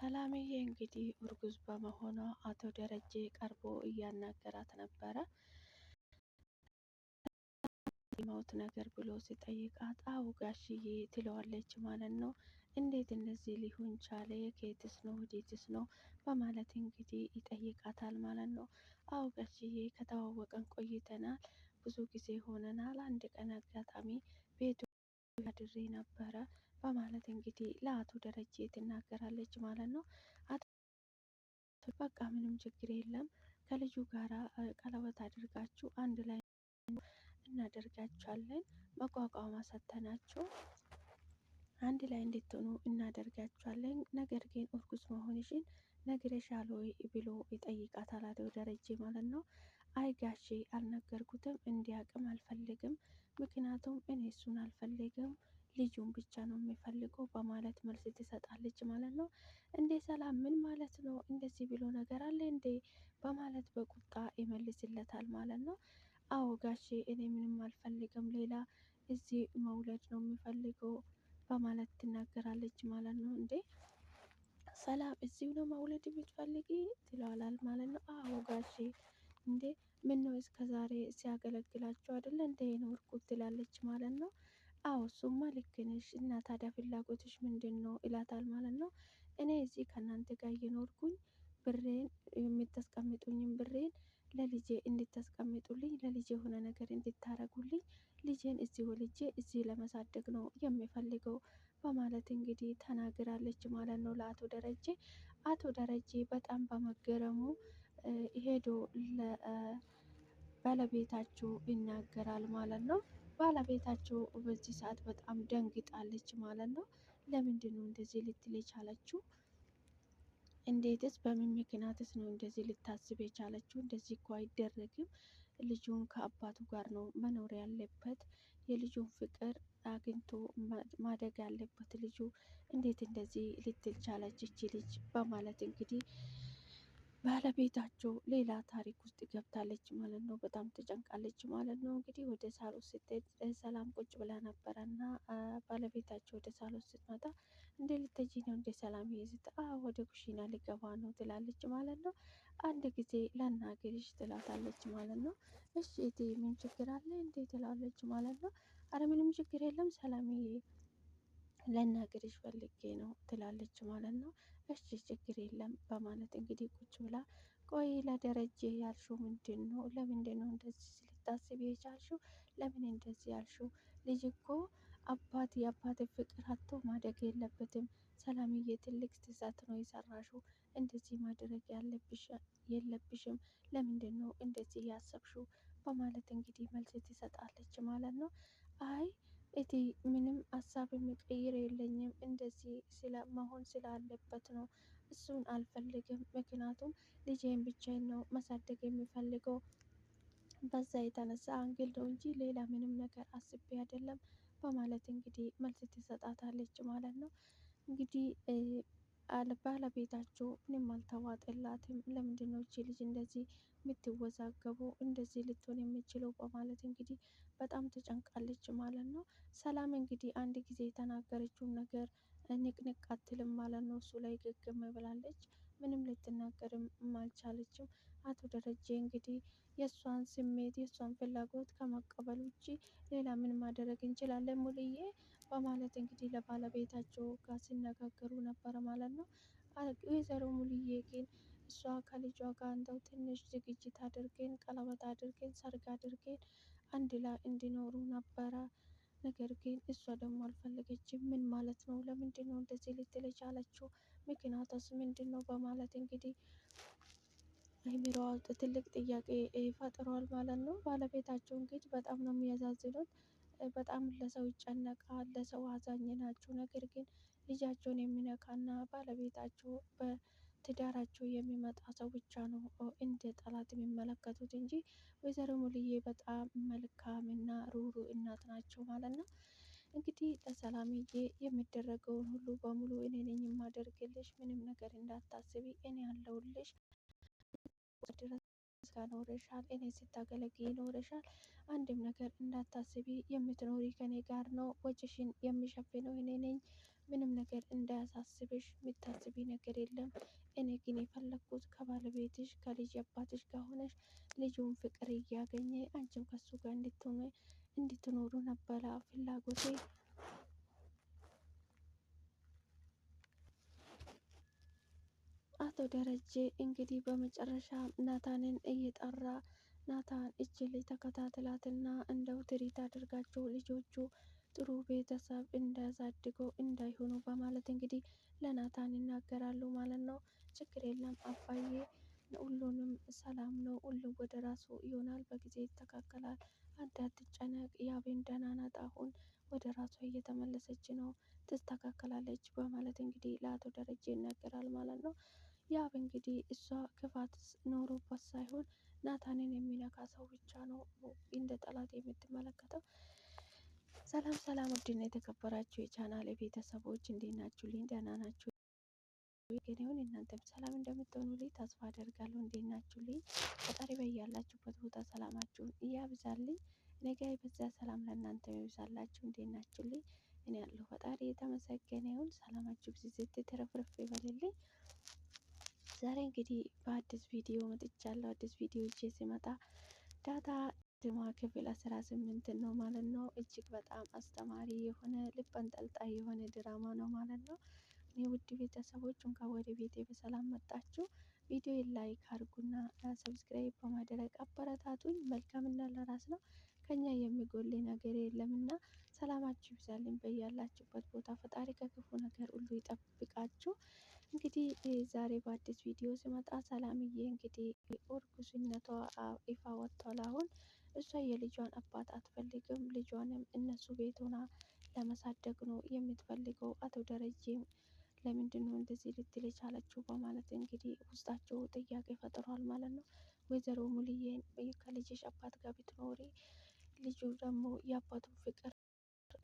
ሰላምዬ እንግዲህ እርጉዝ በመሆኗ አቶ ደረጀ ቀርቦ እያናገራት ነበረ። የማውት ነገር ብሎ ሲጠይቃት አዎ ጋሽዬ ትለዋለች ማለት ነው። እንዴት እንደዚህ ሊሆን ቻለ? ከየትስ ነው ወዴትስ ነው በማለት እንግዲህ ይጠይቃታል ማለት ነው። አዎ ጋሽዬ ከተዋወቀን ቆይተናል፣ ብዙ ጊዜ ሆነናል። አንድ ቀን አጋጣሚ ቤቱ ያድሬ ነበረ በማለት እንግዲህ ለአቶ ደረጀ ትናገራለች ማለት ነው። በቃ ምንም ችግር የለም ከልጁ ጋራ ቀለበት አድርጋችሁ አንድ ላይ እናደርጋችኋለን። መቋቋማ ሰተናችሁ አንድ ላይ እንድትሆኑ እናደርጋችኋለን። ነገር ግን እርጉዝ መሆንሽን ነግረሻል ወይ ብሎ ይጠይቃታል አቶ ደረጀ ማለት ነው። አይ ጋሼ አልነገርኩትም እንዲያቅም አልፈልግም። ምክንያቱም እኔ እሱን አልፈልግም ልጁን ብቻ ነው የሚፈልገው በማለት መልስ ትሰጣለች ማለት ነው። እንዴ ሰላም ምን ማለት ነው? እንደዚህ ብሎ ነገር አለ እንዴ? በማለት በቁጣ ይመልስለታል ማለት ነው። አዎ ጋሼ እኔ ምንም አልፈልግም፣ ሌላ እዚህ መውለድ ነው የሚፈልገው በማለት ትናገራለች ማለት ነው። እንዴ ሰላም እዚህ ነው መውለድ የምትፈልጊ? ትለዋላል ማለት ነው። አዎ ጋሼ እንዴ ምን ነው እስከ ዛሬ ሲያገለግላችሁ አይደለ እንደ የኖርኩት ትላለች ማለት ነው። አዎ እሱማ ልክ ነሽ። እና ታዲያ ፍላጎትሽ ምንድን ነው ይላታል ማለት ነው። እኔ እዚህ ከእናንተ ጋር እየኖርኩኝ ብሬን የምታስቀምጡኝም ብሬን ለልጄ እንድታስቀምጡልኝ ለልጄ የሆነ ነገር እንድታረጉልኝ ልጄን እዚህ ወልጄ እዚህ ለመሳደግ ነው የሚፈልገው በማለት እንግዲህ ተናግራለች ማለት ነው ለአቶ ደረጀ። አቶ ደረጀ በጣም በመገረሙ ሄዶ ለባለቤታቸው ይናገራል ማለት ነው። ባለቤታቸው በዚህ ሰዓት በጣም ደንግጣለች ማለት ነው። ለምንድን ነው እንደዚህ ልትል የቻለችው? እንዴትስ በምን ምክንያትስ ነው እንደዚህ ልታስብ የቻለችው? እንደዚህ እኮ አይደረግም። ልጁን ከአባቱ ጋር ነው መኖር ያለበት። የልጁን ፍቅር አግኝቶ ማደግ ያለበት ልጁ እንዴት እንደዚህ ልትል ቻለች ይቺ ልጅ በማለት እንግዲህ ባለቤታቸው ሌላ ታሪክ ውስጥ ገብታለች ማለት ነው። በጣም ተጨንቃለች ማለት ነው። እንግዲህ ወደ ሳሎን ስትሄድ ሰላም ቁጭ ብላ ነበረ እና ባለቤታቸው ወደ ሳሎን ስትመጣ እንደ ልትሄጂ ነው እንደ ሰላም ይዝት ወደ ኩሽና ሊገባ ነው ትላለች ማለት ነው። አንድ ጊዜ ላናግርሽ ትላታለች ማለት ነው። እሺ እቴ ምን ችግር አለ እንዴ ትላለች ማለት ነው። አረ ምንም ችግር የለም ሰላም ልናግርሽ ፈልጌ ነው ትላለች ማለት ነው። እሺ ችግር የለም በማለት እንግዲህ ቁጭ ብላ ቆይ ለደረጀ ያልሽው ምንድን ነው? ለምንድን ነው እንደዚህ ልታስቢ የቻልሽው? ለምን እንደዚህ ያልሽው? ልጅ እኮ አባት የአባት ፍቅር አቶ ማደግ የለበትም። ሰላምዬ ትልቅ ስህተት ነው የሰራሽው። እንደዚህ ማድረግ የለብሽም። ለምንድን ነው እንደዚህ ያሰብሽው? በማለት እንግዲህ መልስ ትሰጣለች ማለት ነው። አይ እቲ ምንም ሀሳብ የሚቀይር የለኝም እንደዚህ መሆን ስላለበት ነው። እሱን አልፈልግም። ምክንያቱም ልጄን ብቻዬን ነው መሳደግ የሚፈልገው። በዛ የተነሳ አንግል ነው እንጂ ሌላ ምንም ነገር አስቤ አይደለም በማለት እንግዲህ መልስ ትሰጣታለች ማለት ነው። እንግዲህ ባለቤታቸው ምንም አልተዋጠላትም። ለምንድነው እቺ ልጅ እንደዚህ የምትወዛገቡ እንደዚህ ልትሆን የምችለው በማለት እንግዲህ በጣም ትጨንቃለች ማለት ነው። ሰላም እንግዲህ አንድ ጊዜ የተናገረችውን ነገር ንቅንቅ አትልም ማለት ነው። እሱ ላይ ግግም ብላለች። ምንም ልትናገርም አልቻለችም። አቶ ደረጀ እንግዲህ የእሷን ስሜት የእሷን ፍላጎት ከመቀበል ውጪ ሌላ ምን ማድረግ እንችላለን ሙሉዬ በማለት እንግዲህ ለባለቤታቸው ጋር ሲነጋገሩ ነበረ ማለት ነው። ወይዘሮ ሙሉዬ ግን እሷ ከልጇ ጋር እንደው ትንሽ ዝግጅት አድርገን ቀለበት አድርገን ሰርግ አድርገን አንድ ላይ እንዲኖሩ ነበረ። ነገር ግን እሷ ደግሞ አልፈለገችም። ምን ማለት ነው? ለምንድን ነው እንደዚህ ልትል የቻለችው? ምክንያቱስ ምንድን ነው? በማለት እንግዲህ አይምሮ ትልቅ ጥያቄ ፈጥሯል ማለት ነው። ባለቤታቸው እንግዲህ በጣም ነው የሚያዛዝኑት። በጣም ለሰው ይጨነቃል፣ ለሰው አዛኝ ናቸው። ነገር ግን ልጃቸውን የሚነካና ባለቤታቸው ትዳራቸው የሚመጣ ሰው ብቻ ነው እንደ ጠላት የሚመለከቱት እንጂ ወይዘሮ ሙሉዬ በጣም መልካም እና ሩህሩህ እናት ናቸው ማለት ነው። እንግዲህ ለሰላምዬ የሚደረገውን ሁሉ በሙሉ እኔ ነኝ የማደርግልሽ፣ ምንም ነገር እንዳታስቢ፣ እኔ ያለሁልሽ ኖረሻል፣ እኔ ስታገለግይ ኖረሻል፣ አንድም ነገር እንዳታስቢ፣ የምትኖሪ ከኔ ጋር ነው፣ ወጭሽን የሚሸፍነው እኔ ነኝ ምንም ነገር እንዳያሳስብሽ የምታስቢ ነገር የለም። እኔ ግን የፈለግኩት ከባለቤትሽ ከልጅ አባትሽ ጋር ሆነሽ ልጁን ፍቅር እያገኘ አንቺም ከሱ ጋር እንድትኖሩ ነበረ ፍላጎቴ። አቶ ደረጀ እንግዲህ በመጨረሻ ናታንን እየጠራ ናታን እጅ ላይ ተከታትላትና እንደው ትሪት አድርጋቸው ልጆቹ ጥሩ ቤተሰብ እንዳያሳድገው እንዳይሆኑ በማለት እንግዲህ ለናታን ይናገራሉ ማለት ነው። ችግር የለም አባዬ፣ ሁሉንም ሰላም ነው፣ ሁሉም ወደ ራሱ ይሆናል፣ በጊዜ ይስተካከላል፣ አንተ አትጨነቅ፣ ያቤል ደህና ናት፣ አሁን ወደ ራሷ እየተመለሰች ነው፣ ትስተካከላለች በማለት እንግዲህ ለአቶ ደረጀ ይናገራል ማለት ነው። ያብ እንግዲህ እሷ ክፋት ኖሮባት ሳይሆን ናታንን የሚነካ ሰው ብቻ ነው እንደ ጠላት የምትመለከተው። ሰላም ሰላም፣ ውድና የተከበራችሁ የቻናል ቤተሰቦች እንዴት ናችሁ? ልኝ ደህና ናችሁ? ገኔውን እናንተም ሰላም እንደምትሆኑ ልኝ ተስፋ አደርጋለሁ። እንዴት ናችሁ? ልኝ ፈጣሪ በያላችሁበት ቦታ ሰላማችሁን እያብዛልኝ። ነገ በዛ ሰላም ለእናንተ ይብዛላችሁ። እንዴት ናችሁ? ልኝ እኔ ያለሁ ፈጣሪ የተመሰገነ ይሁን። ሰላማችሁ ብዝዝት ተረፍረፍ ይበልልኝ። ዛሬ እንግዲህ በአዲስ ቪዲዮ መጥቻለሁ። አዲስ ቪዲዮ ይዤ ስመጣ ዳታ ድማ ክፍል 18 ነው ማለት ነው። እጅግ በጣም አስተማሪ የሆነ ልብ አንጠልጣይ የሆነ ድራማ ነው ማለት ነው። እኔ ውድ ቤተሰቦች እንኳን ወደ ቤቴ በሰላም መጣችሁ። ቪዲዮ ላይክ አድርጉና ሰብስክራይብ በማድረግ አበረታቱኝ። መልካምና ለራስ ነው ከኛ የሚጎል ነገር የለምና ሰላማችሁ ይብዛልን በያላችሁበት ቦታ ፈጣሪ ከክፉ ነገር ሁሉ ይጠብቃችሁ። እንግዲህ ዛሬ በአዲስ ቪዲዮ ሲመጣ ሰላምዬ እንግዲህ እርጉዝነቷ ይፋ ወጥቷል አሁን እሷ የልጇን አባት አትፈልግም። ልጇንም እነሱ ቤት ሆና ለመሳደግ ነው የምትፈልገው። አቶ ደረጀም ለምንድን ነው እንደዚህ ልትል የቻለችው በማለት እንግዲህ ውስጣቸው ጥያቄ ፈጥሯል ማለት ነው። ወይዘሮ ሙሉዬን ከልጅሽ አባት ጋር ብትኖሪ ልጁ ደግሞ የአባቱ ፍቅር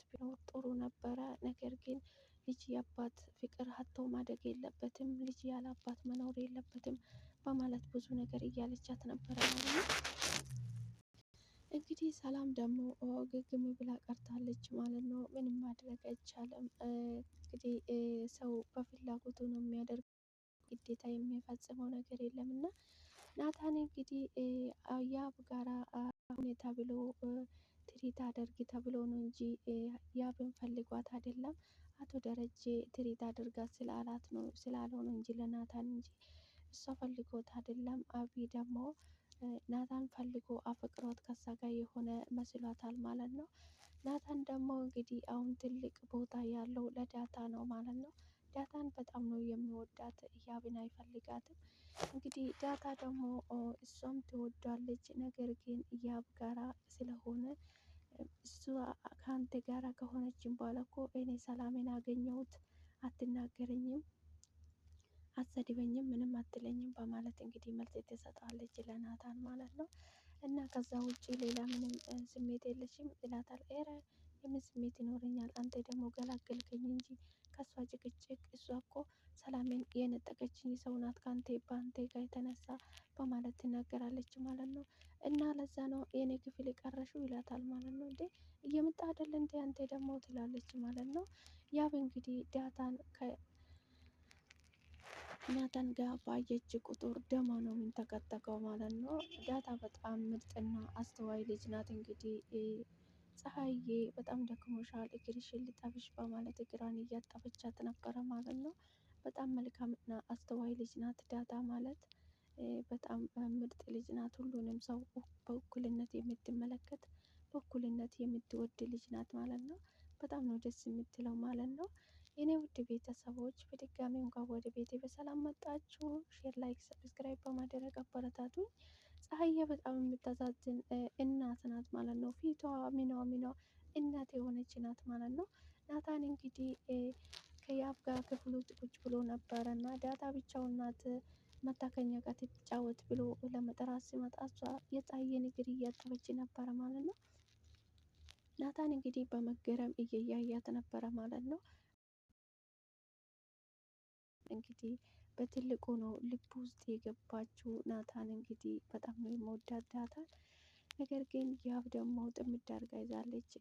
ቢኖር ጥሩ ነበረ። ነገር ግን ልጅ የአባት ፍቅር ሀቶ ማደግ የለበትም፣ ልጅ ያለ አባት መኖር የለበትም በማለት ብዙ ነገር እያለቻት ነበረ ማለት ነው። እንግዲህ ሰላም ደግሞ ግግም ብላ ቀርታለች ማለት ነው። ምንም ማድረግ አይቻልም። እንግዲህ ሰው በፍላጎቱ ነው የሚያደርገው፣ ግዴታ የሚፈጽመው ነገር የለም እና ናታን እንግዲህ ያብ ጋራ ሁኔታ ብሎ ትሪት አድርጊ ተብሎ ነው እንጂ ያብን ፈልጓት አይደለም። አቶ ደረጀ ትሪት አድርጋት ስላላት ነው ስላለው ነው እንጂ ለናታን እንጂ እሷ ፈልጎት አይደለም። አቢ ደግሞ ናታን ፈልጎ አፈቅሮት ከሳ ጋር የሆነ መስሏታል ማለት ነው። ናታን ደግሞ እንግዲህ አሁን ትልቅ ቦታ ያለው ለዳታ ነው ማለት ነው። ዳታን በጣም ነው የሚወዳት ያብን አይፈልጋትም። እንግዲህ ዳታ ደግሞ እሷም ትወዳለች። ነገር ግን ያብ ጋራ ስለሆነ እሱ ከአንተ ጋራ ከሆነችን በኋላ እኮ እኔ ሰላሜን አገኘሁት አትናገረኝም አትሰድበኝም፣ ምንም አትለኝም በማለት እንግዲህ መልስ ትሰጠዋለች ለናታን ማለት ነው። እና ከዛ ውጪ ሌላ ምንም ስሜት የለሽም ይላታል። ኤረ የምን ስሜት ይኖረኛል? አንተ ደግሞ ገላገልከኝ እንጂ ከሷ ጭቅጭቅ እሷ እኮ ሰላሜን የነጠቀችኝ ሰው ናት ከአንተ በአንተ ጋር የተነሳ በማለት ትናገራለች ማለት ነው። እና ለዛ ነው የኔ ክፍል የቀረሹ ይላታል ማለት ነው። እንዴ እየመጣ አይደለ እንዴ አንተ ደግሞ ትላለች ማለት ነው። ያብ እንግዲህ ዳታን ናታን ጋር ባየች ቁጥር ደሞ ነው የምንተከተከው ማለት ነው። ዳታ በጣም ምርጥና አስተዋይ ልጅ ናት። እንግዲህ ፀሐዬ በጣም ደክሞሻል፣ እግርሽን ልጠብሽ በማለት እግሯን እያጠበቻት ነበረ ማለት ነው። በጣም መልካምና አስተዋይ ልጅ ናት። ዳታ ማለት በጣም ምርጥ ልጅ ናት። ሁሉንም ሰው በእኩልነት የምትመለከት በእኩልነት የምትወድ ልጅ ናት ማለት ነው። በጣም ነው ደስ የምትለው ማለት ነው። የኔ ውድ ቤተሰቦች በድጋሚ እንኳን ወደ ቤቴ በሰላም መጣችሁ። ሼር፣ ላይክ፣ ሰብስክራይብ በማድረግ አበረታቱኝ። ፀሐዬ በጣም የምታሳዝን እናት ናት ማለት ነው። ፊቷ ሚናዋ ሚናዋ እናት የሆነች ናት ማለት ነው። ናታን እንግዲህ ከያብ ጋር ክፍል ቁጭ ብሎ ነበረ እና ዳታ ብቻውን ናት መታከኛ ጋር ትጫወት ብሎ ለመጠራት ሲመጣ እሷ የፀሐዬን እግር እያጠበች ነበረ ማለት ነው። ናታን እንግዲህ በመገረም እየያያት ነበረ ማለት ነው። እንግዲህ በትልቁ ነው ልብ ውስጥ የገባችው። ናታን እንግዲህ በጣም ነው የምወዳት ዳታን። ነገር ግን ያብ ደግሞ ጥምድ አርጋ ይዛለች።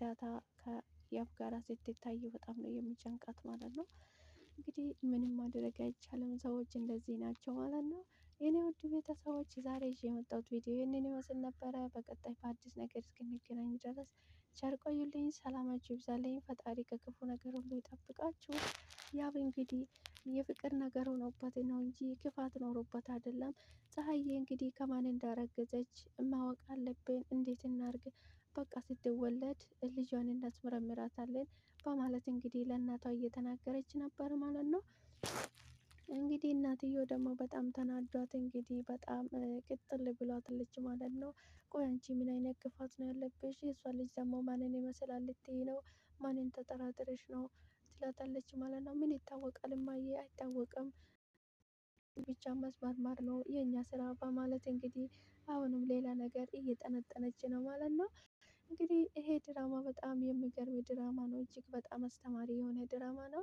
ዳታ ከያብ ጋራ ስትታይ በጣም ነው የሚጨንቃት ማለት ነው። እንግዲህ ምንም ማድረግ አይቻልም። ሰዎች እንደዚህ ናቸው ማለት ነው። የኔ ውድ ቤተሰቦች ዛሬ ይዤ የመጣሁት ቪዲዮ ይህንን ይመስል ነበረ። በቀጣይ በአዲስ ነገር እስክንገናኝ ድረስ ቸር ቆዩልኝ። ሰላማችሁ ይብዛልኝ። ፈጣሪ ከክፉ ነገር ሁሉ ይጠብቃችሁ። ያብ እንግዲህ የፍቅር ነገር ሆኖበት ነው እንጂ ክፋት ኖሮበት አይደለም። ፀሐዬ እንግዲህ ከማን እንዳረገዘች ማወቅ አለብን፣ እንዴት እናርግ፣ በቃ ስትወለድ ልጇን እናስመረምራታለን በማለት እንግዲህ ለእናቷ እየተናገረች ነበር ማለት ነው። እንግዲህ እናትየው ደግሞ በጣም ተናዷት እንግዲህ በጣም ቅጥል ብሏታለች ማለት ነው። ቆይ አንቺ ምን አይነት ክፋት ነው ያለብሽ? የእሷ ልጅ ደግሞ ማንን ይመስላል ልትይ ነው? ማንን ተጠራጥረሽ ነው ትላታለች ማለት ነው። ምን ይታወቃል እማዬ አይታወቅም። ብቻ መስመርመር ነው የእኛ ስራ በማለት እንግዲህ አሁንም ሌላ ነገር እየጠነጠነች ነው ማለት ነው። እንግዲህ ይሄ ድራማ በጣም የሚገርም ድራማ ነው። እጅግ በጣም አስተማሪ የሆነ ድራማ ነው።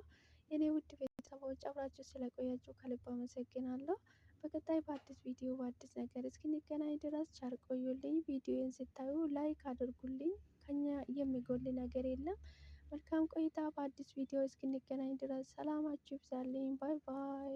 የኔ ውድ ቤተሰቦች አብራችሁ ስለቆያችሁ ከልብ አመሰግናለሁ። በቀጣይ በአዲስ ቪዲዮ በአዲስ ነገር እስክንገናኝ ድረስ ቻው ቆዩልኝ። ቪዲዮን ስታዩ ላይክ አድርጉልኝ። ከኛ የሚጎል ነገር የለም። መልካም ቆይታ። በአዲስ ቪዲዮ እስክንገናኝ ድረስ ሰላማችሁ ይብዛልኝ። ባይ ባይ።